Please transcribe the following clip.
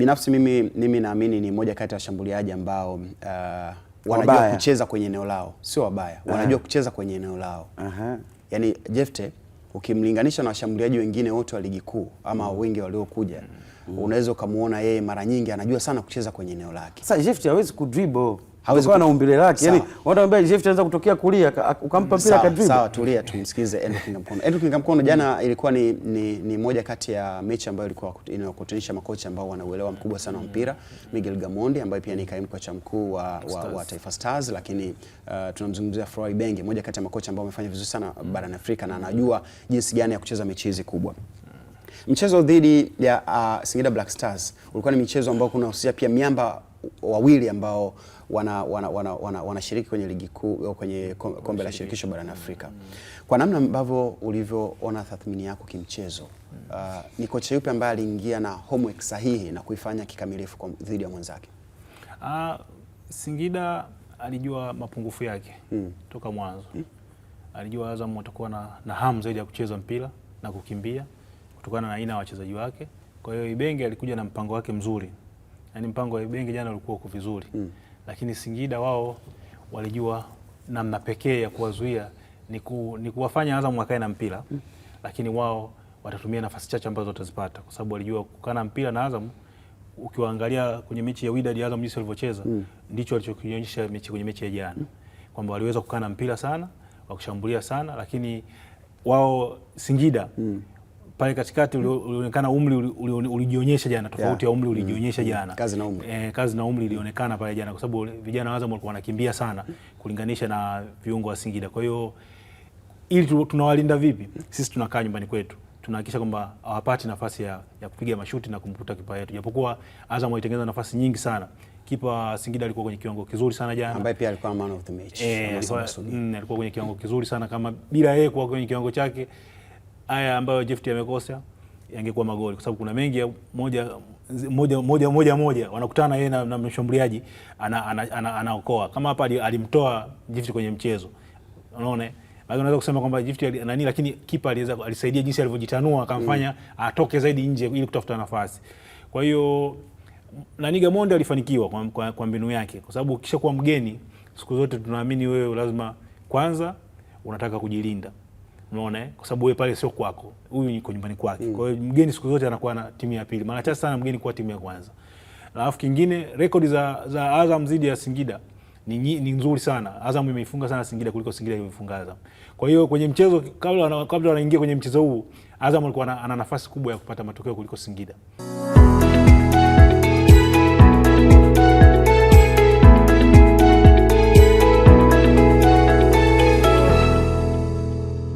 binafsi mimi, mimi naamini ni moja kati ya washambuliaji ambao uh, wanajua wabaya. kucheza kwenye eneo lao, sio wabaya, wanajua uh -huh. kucheza kwenye eneo lao uh -huh. yani Jefte ukimlinganisha na washambuliaji wengine wote wa ligi kuu ama mm. wengi waliokuja, mm unaweza ukamwona yeye mara nyingi anajua sana kucheza kwenye eneo lake. Sasa Jefte hawezi kudribble hawezi kuwa na umbile lake. Yani wanaambia Jeff anaweza kutokea kulia ukampa mpira ka dribble. Sawa, tulia tumsikize Andrew Kingamkono. Andrew Mkono jana mm. ilikuwa ni, ni, ni moja kati ya mechi ambayo ilikuwa inakutanisha makocha ambao wanauelewa mkubwa sana wa mpira, Miguel Gamondi ambaye pia ni kaimu kocha mkuu wa, wa, wa Taifa Stars, lakini uh, tunamzungumzia Froy Benge, moja kati ya makocha ambao wamefanya vizuri sana barani Afrika na anajua jinsi gani ya kucheza mechi hizi kubwa. Mchezo dhidi ya uh, Singida Black Stars ulikuwa ni mchezo ambao kunahusisha pia miamba wawili ambao wanashiriki wana, wana, wana, wana kwenye ligi kuu kwenye kombe la shirikisho barani Afrika. Mm. Kwa namna ambavyo ulivyoona tathmini yako kimchezo, mm. uh, ni kocha yupi ambaye aliingia na homework sahihi na kuifanya kikamilifu dhidi ya mwenzake? Uh, Singida alijua mapungufu yake hmm. toka mwanzo hmm. alijua Azam watakuwa na, na hamu zaidi ya kucheza mpira na kukimbia kutokana na aina ya wachezaji wake. Kwa hiyo Ibenge alikuja na mpango wake mzuri yani mpango wa benki jana ulikuwa uko vizuri mm. Lakini Singida wao walijua namna pekee ya kuwazuia ni, ku, ni kuwafanya Azam wakae na mpira mm. Lakini wao watatumia nafasi chache ambazo watazipata kwa sababu walijua kukaa na mpira na Azam ukiwaangalia kwenye mechi ya Wydad Azam jinsi walivyocheza mm. ndicho walichokionyesha mechi kwenye mechi ya jana mm. kwamba waliweza kukaa na mpira sana, wakushambulia sana, lakini wao Singida mm pale katikati ulionekana umri ulijionyesha jana, tofauti ya umri mm. ulijionyesha jana, kazi na umri eh, kazi na umri ilionekana pale jana, kwa sababu vijana wa Azam walikuwa wanakimbia sana kulinganisha na viungo wa Singida. Kwa hiyo ili tunawalinda vipi? Sisi tunakaa nyumbani kwetu tunahakikisha kwamba hawapati nafasi ya, ya kupiga mashuti na kumkuta kipa yetu, japokuwa Azam alitengeneza nafasi nyingi sana. Kipa Singida alikuwa kwenye kiwango kizuri sana jana, ambaye pia alikuwa man of the match, E, mm, alikuwa kwenye kiwango kizuri sana kama bila yeye kuwa kwenye kiwango chake haya ambayo Jeff amekosa yangekuwa magoli, kwa sababu kuna mengi ya moja moja moja moja moja wanakutana yeye na, na mshambuliaji anaokoa ana, ana, ana kama hapa alimtoa Jeff kwenye mchezo, unaona unaweza kusema kwamba Jefti nani, lakini kipa aliweza alisaidia jinsi alivyojitanua akamfanya mm. atoke zaidi nje ili kutafuta nafasi. Kwa hiyo nani Gamonde alifanikiwa kwa, kwa, kwa mbinu yake, kwa sababu kisha kuwa mgeni siku zote tunaamini wewe lazima kwanza unataka kujilinda unaona, eh? kwa sababu wewe pale sio kwako, huyu yuko nyumbani kwake. Mm. Kwa hiyo mgeni siku zote anakuwa na timu ya pili, mara chache sana mgeni kuwa timu ya kwanza. Alafu kingine, rekodi za, za Azam dhidi ya Singida ni, ni nzuri sana. Azam imeifunga sana Singida kuliko Singida imeifunga Azam. Kwa hiyo kwenye mchezo kabla, kabla wanaingia kwenye mchezo huu Azam alikuwa ana nafasi kubwa ya kupata matokeo kuliko Singida.